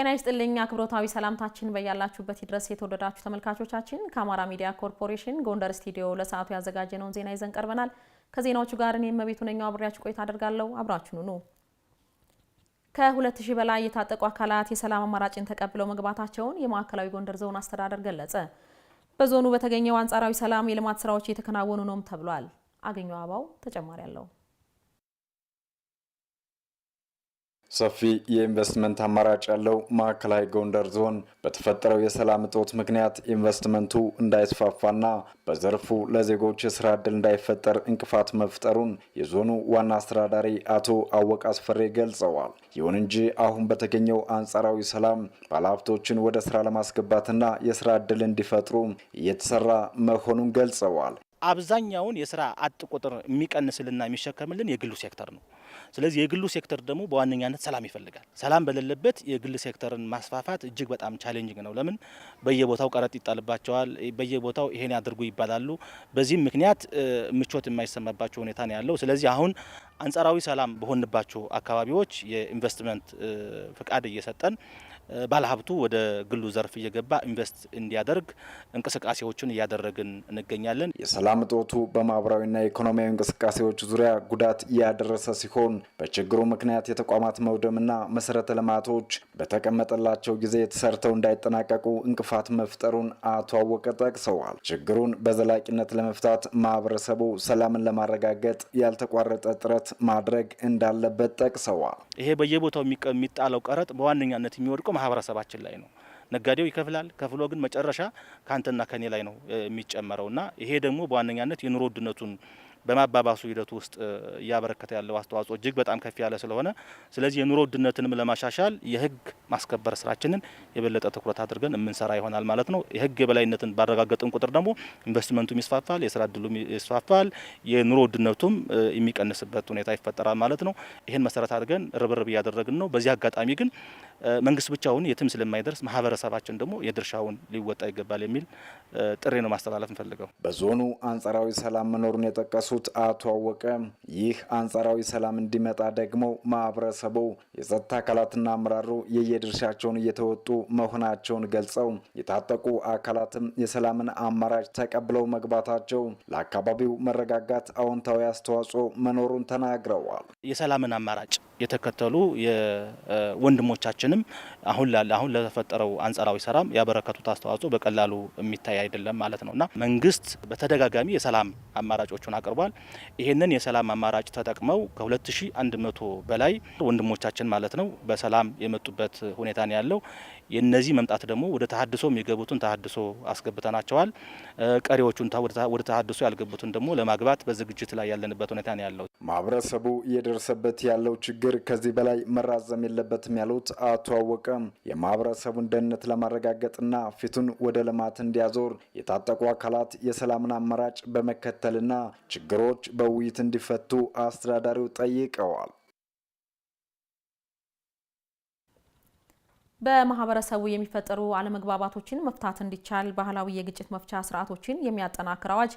ጤና ይስጥልኝ አክብሮታዊ ሰላምታችን በያላችሁበት ድረስ የተወደዳችሁ ተመልካቾቻችን፣ ከአማራ ሚዲያ ኮርፖሬሽን ጎንደር ስቱዲዮ ለሰዓቱ ያዘጋጀነውን ዜና ይዘን ቀርበናል። ከዜናዎቹ ጋር እኔ መቤቱ ነኛው አብሬያችሁ ቆይታ አደርጋለሁ። አብራችሁኑ ኑ። ከ ሺህ በላይ የታጠቁ አካላት የሰላም አማራጭን ተቀብለው መግባታቸውን የማዕከላዊ ጎንደር ዞን አስተዳደር ገለጸ። በዞኑ በተገኘው አንጻራዊ ሰላም የልማት ስራዎች እየተከናወኑ ነውም ተብሏል። አገኘው አባው ተጨማሪ አለው። ሰፊ የኢንቨስትመንት አማራጭ ያለው ማዕከላዊ ጎንደር ዞን በተፈጠረው የሰላም እጦት ምክንያት ኢንቨስትመንቱ እንዳይስፋፋና በዘርፉ ለዜጎች የስራ ዕድል እንዳይፈጠር እንቅፋት መፍጠሩን የዞኑ ዋና አስተዳዳሪ አቶ አወቅ አስፈሬ ገልጸዋል። ይሁን እንጂ አሁን በተገኘው አንጻራዊ ሰላም ባለሀብቶችን ወደ ስራ ለማስገባትና የስራ ዕድል እንዲፈጥሩ እየተሰራ መሆኑን ገልጸዋል። አብዛኛውን የስራ አጥ ቁጥር የሚቀንስልና የሚሸከምልን የግሉ ሴክተር ነው። ስለዚህ የግሉ ሴክተር ደግሞ በዋነኛነት ሰላም ይፈልጋል። ሰላም በሌለበት የግል ሴክተርን ማስፋፋት እጅግ በጣም ቻሌንጅንግ ነው። ለምን በየቦታው ቀረጥ ይጣልባቸዋል፣ በየቦታው ይሄን ያድርጉ ይባላሉ። በዚህም ምክንያት ምቾት የማይሰማባቸው ሁኔታ ነው ያለው። ስለዚህ አሁን አንጻራዊ ሰላም በሆንባቸው አካባቢዎች የኢንቨስትመንት ፍቃድ እየሰጠን ባለሀብቱ ወደ ግሉ ዘርፍ እየገባ ኢንቨስት እንዲያደርግ እንቅስቃሴዎችን እያደረግን እንገኛለን። የሰላም እጦቱ በማህበራዊና ኢኮኖሚያዊ እንቅስቃሴዎች ዙሪያ ጉዳት እያደረሰ ሲሆን በችግሩ ምክንያት የተቋማት መውደምና መሰረተ ልማቶች በተቀመጠላቸው ጊዜ ተሰርተው እንዳይጠናቀቁ እንቅፋት መፍጠሩን አቶ አወቀ ጠቅሰዋል። ችግሩን በዘላቂነት ለመፍታት ማህበረሰቡ ሰላምን ለማረጋገጥ ያልተቋረጠ ጥረት ማድረግ እንዳለበት ጠቅሰዋል። ይሄ በየቦታው የሚጣለው ቀረጥ በዋነኛነት የሚወድቀው ማህበረሰባችን ላይ ነው። ነጋዴው ይከፍላል። ከፍሎ ግን መጨረሻ ከአንተና ከኔ ላይ ነው የሚጨመረው እና ይሄ ደግሞ በዋነኛነት የኑሮ ውድነቱን በማባባሱ ሂደቱ ውስጥ እያበረከተ ያለው አስተዋጽኦ እጅግ በጣም ከፍ ያለ ስለሆነ ስለዚህ የኑሮ ውድነትንም ለማሻሻል የህግ ማስከበር ስራችንን የበለጠ ትኩረት አድርገን የምንሰራ ይሆናል ማለት ነው። የህግ የበላይነትን ባረጋገጥን ቁጥር ደግሞ ኢንቨስትመንቱም ይስፋፋል፣ የስራ እድሉም ይስፋፋል፣ የኑሮ ውድነቱም የሚቀንስበት ሁኔታ ይፈጠራል ማለት ነው። ይህን መሰረት አድርገን ርብርብ እያደረግን ነው። በዚህ አጋጣሚ ግን መንግስት ብቻውን የትም ስለማይደርስ ማህበረሰባችን ደግሞ የድርሻውን ሊወጣ ይገባል የሚል ጥሪ ነው ማስተላለፍ እንፈልገው። በዞኑ አንጻራዊ ሰላም መኖሩን የጠቀሱ ያሉት አቶ አወቀ ይህ አንጻራዊ ሰላም እንዲመጣ ደግሞ ማህበረሰቡ፣ የጸጥታ አካላትና አመራሩ የየድርሻቸውን እየተወጡ መሆናቸውን ገልጸው የታጠቁ አካላትም የሰላምን አማራጭ ተቀብለው መግባታቸው ለአካባቢው መረጋጋት አዎንታዊ አስተዋጽኦ መኖሩን ተናግረዋል። የሰላምን አማራጭ የተከተሉ ወንድሞቻችንም አሁን ላለ አሁን ለተፈጠረው አንጻራዊ ሰላም ያበረከቱት አስተዋጽኦ በቀላሉ የሚታይ አይደለም ማለት ነውና መንግስት በተደጋጋሚ የሰላም አማራጮቹን አቅርቧል። ይህንን የሰላም አማራጭ ተጠቅመው ከ2100 በላይ ወንድሞቻችን ማለት ነው በሰላም የመጡበት ሁኔታ ነው ያለው። የነዚህ መምጣት ደግሞ ወደ ተሀድሶ የሚገቡትን ተሀድሶ አስገብተናቸዋል። ቀሪዎቹን ወደ ተሀድሶ ያልገቡትን ደግሞ ለማግባት በዝግጅት ላይ ያለንበት ሁኔታ ነው ያለው። ማህበረሰቡ እየደረሰበት ያለው ችግር ችግር ከዚህ በላይ መራዘም የለበትም ያሉት አቶ አወቀ የማህበረሰቡን ደህንነት ለማረጋገጥና ፊቱን ወደ ልማት እንዲያዞር የታጠቁ አካላት የሰላምን አማራጭ በመከተልና ችግሮች በውይይት እንዲፈቱ አስተዳዳሪው ጠይቀዋል። በማህበረሰቡ የሚፈጠሩ አለመግባባቶችን መፍታት እንዲቻል ባህላዊ የግጭት መፍቻ ስርዓቶችን የሚያጠናክር አዋጅ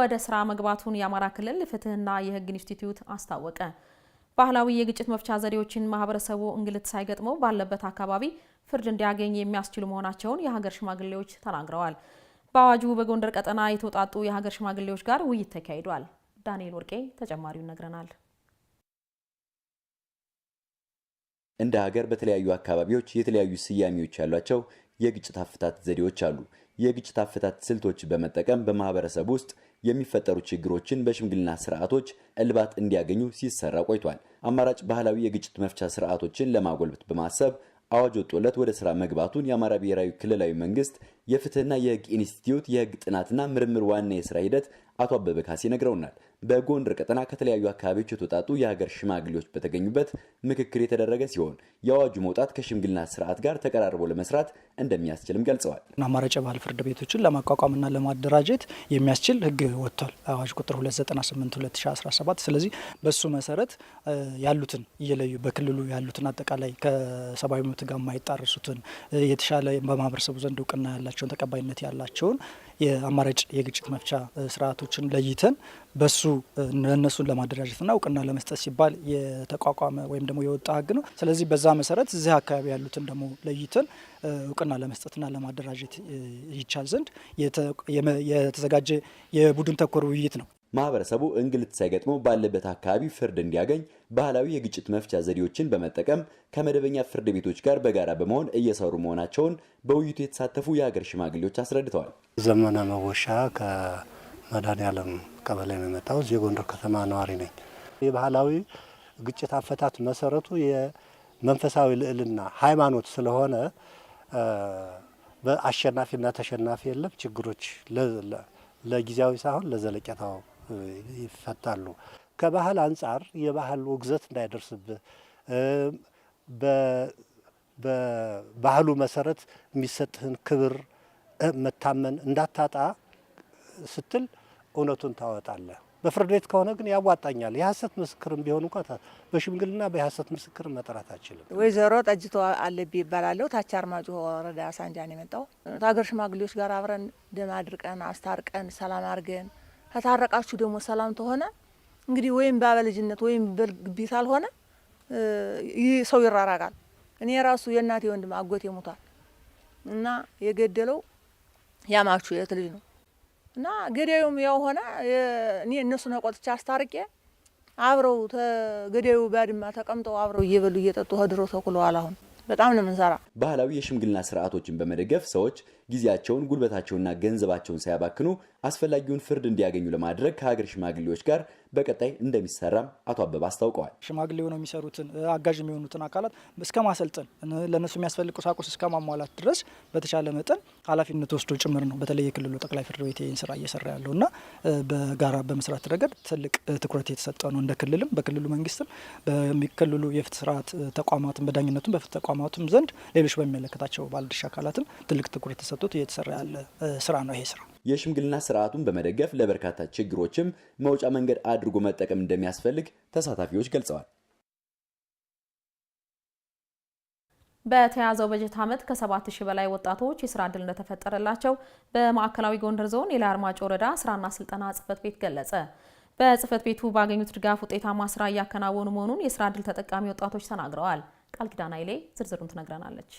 ወደ ስራ መግባቱን የአማራ ክልል ፍትህና የህግ ኢንስቲትዩት አስታወቀ። ባህላዊ የግጭት መፍቻ ዘዴዎችን ማህበረሰቡ እንግልት ሳይገጥመው ባለበት አካባቢ ፍርድ እንዲያገኝ የሚያስችሉ መሆናቸውን የሀገር ሽማግሌዎች ተናግረዋል። በአዋጁ በጎንደር ቀጠና የተውጣጡ የሀገር ሽማግሌዎች ጋር ውይይት ተካሂዷል። ዳንኤል ወርቄ ተጨማሪውን ይነግረናል። እንደ ሀገር በተለያዩ አካባቢዎች የተለያዩ ስያሜዎች ያሏቸው የግጭት አፈታት ዘዴዎች አሉ። የግጭት አፈታት ስልቶች በመጠቀም በማህበረሰብ ውስጥ የሚፈጠሩ ችግሮችን በሽምግልና ስርዓቶች እልባት እንዲያገኙ ሲሰራ ቆይቷል። አማራጭ ባህላዊ የግጭት መፍቻ ስርዓቶችን ለማጎልበት በማሰብ አዋጅ ወጥቶለት ወደ ስራ መግባቱን የአማራ ብሔራዊ ክልላዊ መንግስት የፍትህና የህግ ኢንስቲትዩት የህግ ጥናትና ምርምር ዋና የስራ ሂደት አቶ አበበ ካሴ ነግረውናል። በጎንደር ቀጠና ከተለያዩ አካባቢዎች የተውጣጡ የሀገር ሽማግሌዎች በተገኙበት ምክክር የተደረገ ሲሆን የአዋጁ መውጣት ከሽምግልና ስርዓት ጋር ተቀራርቦ ለመስራት እንደሚያስችልም ገልጸዋል። አማራጭ ባህል ፍርድ ቤቶችን ለማቋቋምና ለማደራጀት የሚያስችል ህግ ወጥቷል፣ አዋጅ ቁጥር 298/2017 ስለዚህ በሱ መሰረት ያሉትን እየለዩ በክልሉ ያሉትን አጠቃላይ ከሰብአዊ መብት ጋር የማይጣረሱትን የተሻለ በማህበረሰቡ ዘንድ እውቅና ያላቸውን ተቀባይነት ያላቸውን የአማራጭ የግጭት መፍቻ ስርዓቶችን ለይተን በሱ እነሱን ለማደራጀትና እውቅና ለመስጠት ሲባል የተቋቋመ ወይም ደግሞ የወጣ ህግ ነው። ስለዚህ በዛ መሰረት እዚህ አካባቢ ያሉትን ደግሞ ለይተን እውቅና ለመስጠትና ለማደራጀት ይቻል ዘንድ የተዘጋጀ የቡድን ተኮር ውይይት ነው። ማህበረሰቡ እንግልት ሳይገጥመው ባለበት አካባቢ ፍርድ እንዲያገኝ ባህላዊ የግጭት መፍቻ ዘዴዎችን በመጠቀም ከመደበኛ ፍርድ ቤቶች ጋር በጋራ በመሆን እየሰሩ መሆናቸውን በውይይቱ የተሳተፉ የሀገር ሽማግሌዎች አስረድተዋል። ዘመነ መወሻ ከመድኃኔዓለም ቀበሌ የመጣው። የጎንደር ከተማ ነዋሪ ነኝ። የባህላዊ ግጭት አፈታት መሰረቱ የመንፈሳዊ ልዕልና ሃይማኖት ስለሆነ በአሸናፊና ተሸናፊ የለም። ችግሮች ለጊዜያዊ ሳይሆን ለዘለቄታው ይፈታሉ። ከባህል አንጻር የባህል ውግዘት እንዳይደርስብህ በባህሉ መሰረት የሚሰጥህን ክብር መታመን እንዳታጣ ስትል እውነቱን ታወጣለህ። በፍርድ ቤት ከሆነ ግን ያዋጣኛል። የሀሰት ምስክርም ቢሆን እንኳ በሽምግልና በሀሰት ምስክር መጠራት አችልም። ወይዘሮ ጠጅቶ አለብ ይባላለሁ። ታች አርማጭሆ ወረዳ ሳንጃን የመጣው ከሀገር ሽማግሌዎች ጋር አብረን ደም አድርቀን አስታርቀን ሰላም አድርገን ከታረቃችሁ ደግሞ ሰላም ተሆነ እንግዲህ ወይም በአበልጅነት ወይም በግቢ ካልሆነ ይህ ሰው ይራራቃል። እኔ ራሱ የእናቴ ወንድም አጎቴ ሞቷል እና የገደለው ያማቹ የት ልጅ ነው እና ገዳዩም ያው ሆነ እኔ እነሱ ቆጥቼ አስታርቄ አብረው ገዳዩ ባድማ ተቀምጠው አብረው እየበሉ እየጠጡ ድሮ ተኩለዋል። አሁን በጣም ነው ምንሰራ። ባህላዊ የሽምግልና ስርዓቶችን በመደገፍ ሰዎች ጊዜያቸውን፣ ጉልበታቸውና ገንዘባቸውን ሳያባክኑ አስፈላጊውን ፍርድ እንዲያገኙ ለማድረግ ከሀገር ሽማግሌዎች ጋር በቀጣይ እንደሚሰራም አቶ አበባ አስታውቀዋል። ሽማግሌ ሆነው የሚሰሩትን አጋዥ የሚሆኑትን አካላት እስከ ማሰልጠን ለእነሱ የሚያስፈልግ ቁሳቁስ እስከ ማሟላት ድረስ በተቻለ መጠን ኃላፊነት ወስዶ ጭምር ነው። በተለይ የክልሉ ጠቅላይ ፍርድ ቤት ይህን ስራ እየሰራ ያለው እና በጋራ በመስራት ረገድ ትልቅ ትኩረት የተሰጠ ነው። እንደ ክልልም በክልሉ መንግስትም በሚክልሉ የፍትህ ስርዓት ተቋማትም በዳኝነቱም በፍትህ ተቋማቱም ዘንድ ሌሎች በሚመለከታቸው ባለድርሻ አካላትም ትልቅ ትኩረት ተሰጥቶ እያወጡት እየተሰራ ያለ ስራ ነው ይሄ ስራ። የሽምግልና ስርዓቱን በመደገፍ ለበርካታ ችግሮችም መውጫ መንገድ አድርጎ መጠቀም እንደሚያስፈልግ ተሳታፊዎች ገልጸዋል። በተያዘው በጀት ዓመት ከሰባት ሺህ በላይ ወጣቶች የስራ እድል እንደተፈጠረላቸው በማዕከላዊ ጎንደር ዞን የላይ አርማጭ ወረዳ ስራና ስልጠና ጽህፈት ቤት ገለጸ። በጽህፈት ቤቱ ባገኙት ድጋፍ ውጤታማ ስራ እያከናወኑ መሆኑን የስራ እድል ተጠቃሚ ወጣቶች ተናግረዋል። ቃል ኪዳን አይሌ ዝርዝሩን ትነግረናለች።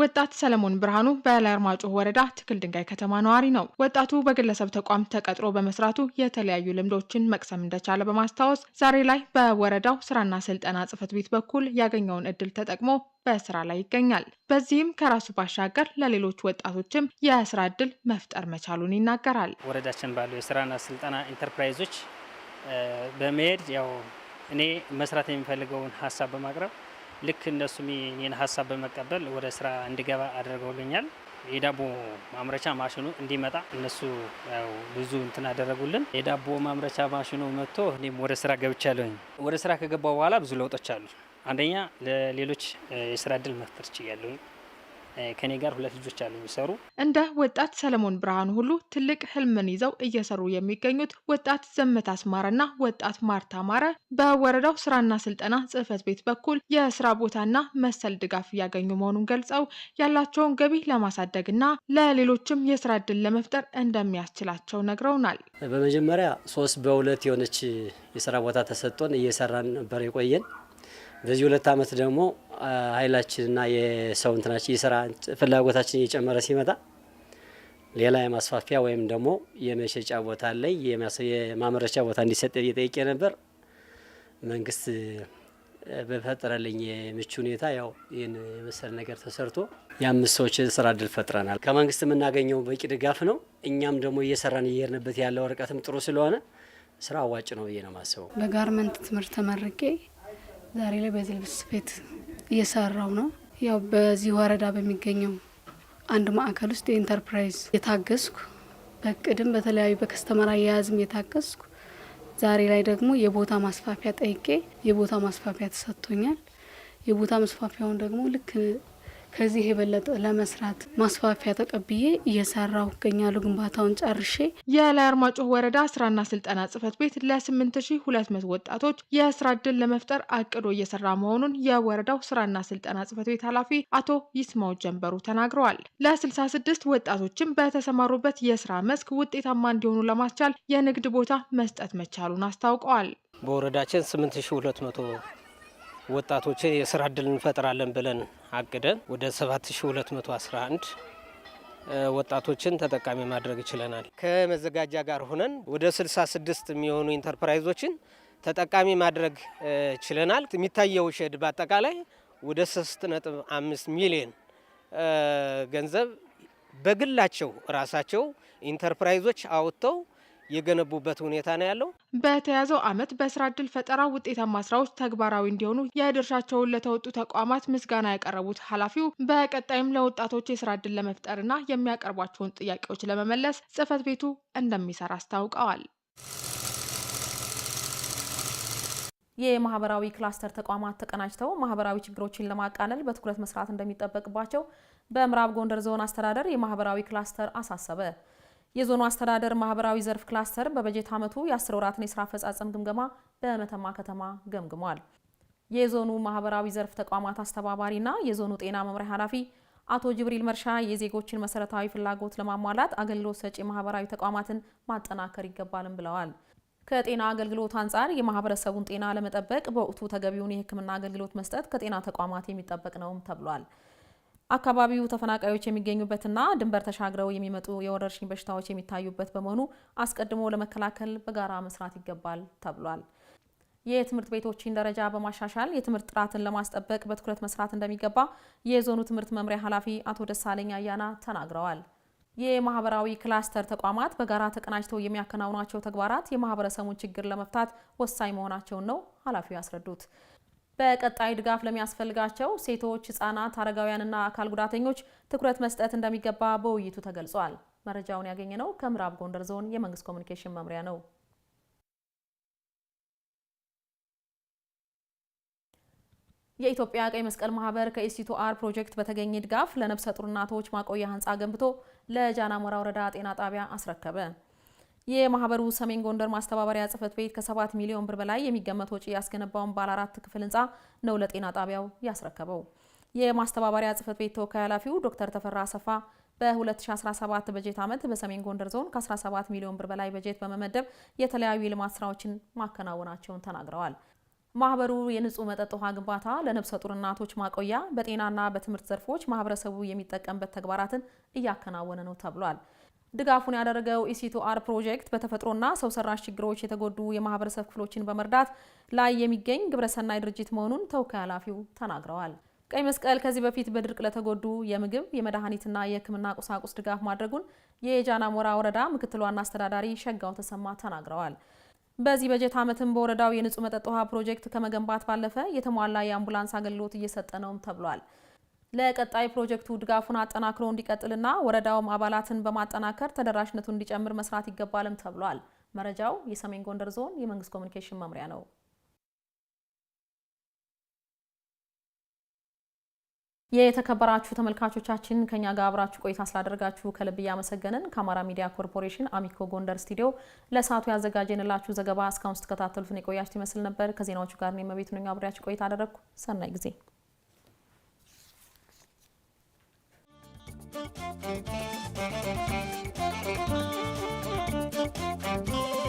ወጣት ሰለሞን ብርሃኑ በላይ ወረዳ ትክል ድንጋይ ከተማ ነዋሪ ነው። ወጣቱ በግለሰብ ተቋም ተቀጥሮ በመስራቱ የተለያዩ ልምዶችን መቅሰም እንደቻለ በማስታወስ ዛሬ ላይ በወረዳው ስራና ስልጠና ጽፈት ቤት በኩል ያገኘውን እድል ተጠቅሞ በስራ ላይ ይገኛል። በዚህም ከራሱ ባሻገር ለሌሎች ወጣቶችም የስራ እድል መፍጠር መቻሉን ይናገራል። ወረዳችን ባሉ የስራና ስልጠና ኢንተርፕራይዞች በመሄድ ያው እኔ መስራት የሚፈልገውን ሀሳብ በማቅረብ ልክ እነሱ የኔን ሀሳብ በመቀበል ወደ ስራ እንድገባ አድርገውልኛል። የዳቦ ማምረቻ ማሽኑ እንዲመጣ እነሱ ብዙ እንትን አደረጉልን። የዳቦ ማምረቻ ማሽኑ መጥቶ እኔም ወደ ስራ ገብቻለሁኝ። ወደ ስራ ከገባ በኋላ ብዙ ለውጦች አሉ። አንደኛ ለሌሎች የስራ እድል መፍጠር ችያለሁኝ። ከኔ ጋር ሁለት ልጆች አሉ የሚሰሩ። እንደ ወጣት ሰለሞን ብርሃኑ ሁሉ ትልቅ ህልምን ይዘው እየሰሩ የሚገኙት ወጣት ዘመት አስማረና ወጣት ማርታ ማረ በወረዳው ስራና ስልጠና ጽህፈት ቤት በኩል የስራ ቦታና መሰል ድጋፍ እያገኙ መሆኑን ገልጸው ያላቸውን ገቢ ለማሳደግና ለሌሎችም የስራ እድል ለመፍጠር እንደሚያስችላቸው ነግረውናል። በመጀመሪያ ሶስት በሁለት የሆነች የስራ ቦታ ተሰጥቶን እየሰራን ነበር የቆየን በዚህ ሁለት ዓመት ደግሞ ኃይላችንና የሰው እንትናችን የስራ ፍላጎታችን እየጨመረ ሲመጣ ሌላ የማስፋፊያ ወይም ደግሞ የመሸጫ ቦታ ላይ የማመረቻ ቦታ እንዲሰጥ እየጠየቄ ነበር። መንግስት በፈጠረልኝ የምቹ ሁኔታ ያው ይህን የመሰለ ነገር ተሰርቶ የአምስት ሰዎች ስራ እድል ፈጥረናል። ከመንግስት የምናገኘው በቂ ድጋፍ ነው። እኛም ደግሞ እየሰራን እየሄድንበት ያለው ርቀትም ጥሩ ስለሆነ ስራ አዋጭ ነው ብዬ ነው የማስበው። በጋርመንት ትምህርት ተመርቄ ዛሬ ላይ በዚህ ልብስ ቤት እየሰራው ነው። ያው በዚህ ወረዳ በሚገኘው አንድ ማዕከል ውስጥ የኢንተርፕራይዝ የታገዝኩ በቅድም በተለያዩ በከስተመር አያያዝም የታገዝኩ ዛሬ ላይ ደግሞ የቦታ ማስፋፊያ ጠይቄ የቦታ ማስፋፊያ ተሰጥቶኛል። የቦታ መስፋፊያውን ደግሞ ልክ ከዚህ የበለጠ ለመስራት ማስፋፊያ ተቀብዬ እየሰራሁ እገኛለሁ። ግንባታውን ጨርሼ የላይ አርማጭሆ ወረዳ ስራና ስልጠና ጽህፈት ቤት ለ8200 ወጣቶች የስራ እድል ለመፍጠር አቅዶ እየሰራ መሆኑን የወረዳው ስራና ስልጠና ጽህፈት ቤት ኃላፊ አቶ ይስማው ጀንበሩ ተናግረዋል። ለ66 ወጣቶችም በተሰማሩበት የስራ መስክ ውጤታማ እንዲሆኑ ለማስቻል የንግድ ቦታ መስጠት መቻሉን አስታውቀዋል። በወረዳችን 8200 ወጣቶችን የስራ እድል እንፈጥራለን ብለን አቅደን ወደ 7211 ወጣቶችን ተጠቃሚ ማድረግ ይችለናል። ከመዘጋጃ ጋር ሆነን ወደ 66 የሚሆኑ ኢንተርፕራይዞችን ተጠቃሚ ማድረግ ችለናል። የሚታየው ሸድ በአጠቃላይ ወደ 3.5 ሚሊዮን ገንዘብ በግላቸው ራሳቸው ኢንተርፕራይዞች አውጥተው የገነቡበት ሁኔታ ነው ያለው። በተያዘው ዓመት በስራ እድል ፈጠራ ውጤታማ ስራዎች ተግባራዊ እንዲሆኑ የድርሻቸውን ለተወጡ ተቋማት ምስጋና ያቀረቡት ኃላፊው በቀጣይም ለወጣቶች የስራ እድል ለመፍጠርና የሚያቀርቧቸውን ጥያቄዎች ለመመለስ ጽህፈት ቤቱ እንደሚሰራ አስታውቀዋል። የማህበራዊ ክላስተር ተቋማት ተቀናጅተው ማህበራዊ ችግሮችን ለማቃለል በትኩረት መስራት እንደሚጠበቅባቸው በምዕራብ ጎንደር ዞን አስተዳደር የማህበራዊ ክላስተር አሳሰበ። የዞኑ አስተዳደር ማህበራዊ ዘርፍ ክላስተር በበጀት ዓመቱ የአስር ወራትን የስራ አፈጻጸም ግምገማ በመተማ ከተማ ገምግሟል። የዞኑ ማህበራዊ ዘርፍ ተቋማት አስተባባሪና የዞኑ ጤና መምሪያ ኃላፊ አቶ ጅብሪል መርሻ የዜጎችን መሰረታዊ ፍላጎት ለማሟላት አገልግሎት ሰጪ ማህበራዊ ተቋማትን ማጠናከር ይገባልም ብለዋል። ከጤና አገልግሎት አንጻር የማህበረሰቡን ጤና ለመጠበቅ በወቅቱ ተገቢውን የሕክምና አገልግሎት መስጠት ከጤና ተቋማት የሚጠበቅ ነውም ተብሏል። አካባቢው ተፈናቃዮች የሚገኙበትና ድንበር ተሻግረው የሚመጡ የወረርሽኝ በሽታዎች የሚታዩበት በመሆኑ አስቀድሞ ለመከላከል በጋራ መስራት ይገባል ተብሏል። የትምህርት ቤቶችን ደረጃ በማሻሻል የትምህርት ጥራትን ለማስጠበቅ በትኩረት መስራት እንደሚገባ የዞኑ ትምህርት መምሪያ ኃላፊ አቶ ደሳለኝ አያና ተናግረዋል። የማህበራዊ ክላስተር ተቋማት በጋራ ተቀናጅተው የሚያከናውኗቸው ተግባራት የማህበረሰቡን ችግር ለመፍታት ወሳኝ መሆናቸውን ነው ኃላፊው ያስረዱት። በቀጣይ ድጋፍ ለሚያስፈልጋቸው ሴቶች፣ ህጻናት፣ አረጋውያንና አካል ጉዳተኞች ትኩረት መስጠት እንደሚገባ በውይይቱ ተገልጿል። መረጃውን ያገኘ ነው ከምዕራብ ጎንደር ዞን የመንግስት ኮሚኒኬሽን መምሪያ ነው። የኢትዮጵያ ቀይ መስቀል ማህበር ከኢሲቱ አር ፕሮጀክት በተገኘ ድጋፍ ለነፍሰ ጡር እናቶች ማቆያ ህንፃ ገንብቶ ለጃናሞራ ወረዳ ጤና ጣቢያ አስረከበ። የማህበሩ ሰሜን ጎንደር ማስተባበሪያ ጽህፈት ቤት ከሰባት ሚሊዮን ብር በላይ የሚገመት ወጪ ያስገነባውን ባለ አራት ክፍል ህንፃ ነው ለጤና ጣቢያው ያስረከበው። የማስተባበሪያ ጽህፈት ቤት ተወካይ ኃላፊው ዶክተር ተፈራ አሰፋ በ2017 በጀት ዓመት በሰሜን ጎንደር ዞን ከ17 ሚሊዮን ብር በላይ በጀት በመመደብ የተለያዩ የልማት ስራዎችን ማከናወናቸውን ተናግረዋል። ማህበሩ የንጹህ መጠጥ ውሃ ግንባታ፣ ለነፍሰ ጡር እናቶች ማቆያ፣ በጤናና በትምህርት ዘርፎች ማህበረሰቡ የሚጠቀምበት ተግባራትን እያከናወነ ነው ተብሏል። ድጋፉን ያደረገው ኢሲቱአር ፕሮጀክት በተፈጥሮና ሰው ሰራሽ ችግሮች የተጎዱ የማህበረሰብ ክፍሎችን በመርዳት ላይ የሚገኝ ግብረሰናይ ድርጅት መሆኑን ተወካይ ኃላፊው ተናግረዋል። ቀይ መስቀል ከዚህ በፊት በድርቅ ለተጎዱ የምግብ የመድኃኒትና የሕክምና ቁሳቁስ ድጋፍ ማድረጉን የጃና ሞራ ወረዳ ምክትል ዋና አስተዳዳሪ ሸጋው ተሰማ ተናግረዋል። በዚህ በጀት ዓመትም በወረዳው የንጹህ መጠጥ ውሃ ፕሮጀክት ከመገንባት ባለፈ የተሟላ የአምቡላንስ አገልግሎት እየሰጠ ነውም ተብሏል። ለቀጣይ ፕሮጀክቱ ድጋፉን አጠናክሮ እንዲቀጥልና ወረዳውም አባላትን በማጠናከር ተደራሽነቱን እንዲጨምር መስራት ይገባልም ተብሏል። መረጃው የሰሜን ጎንደር ዞን የመንግስት ኮሚኒኬሽን መምሪያ ነው። የተከበራችሁ ተመልካቾቻችን ከኛ ጋር አብራችሁ ቆይታ ስላደረጋችሁ ከልብ እያመሰገንን ከአማራ ሚዲያ ኮርፖሬሽን አሚኮ ጎንደር ስቱዲዮ ለሰዓቱ ያዘጋጀንላችሁ ዘገባ እስካሁን ስትከታተሉትን የቆያችሁት ይመስል ነበር። ከዜናዎቹ ጋር እኔ መቤቱ ነኝ አብሬያችሁ ቆይታ አደረግኩ። ሰናይ ጊዜ Thank you.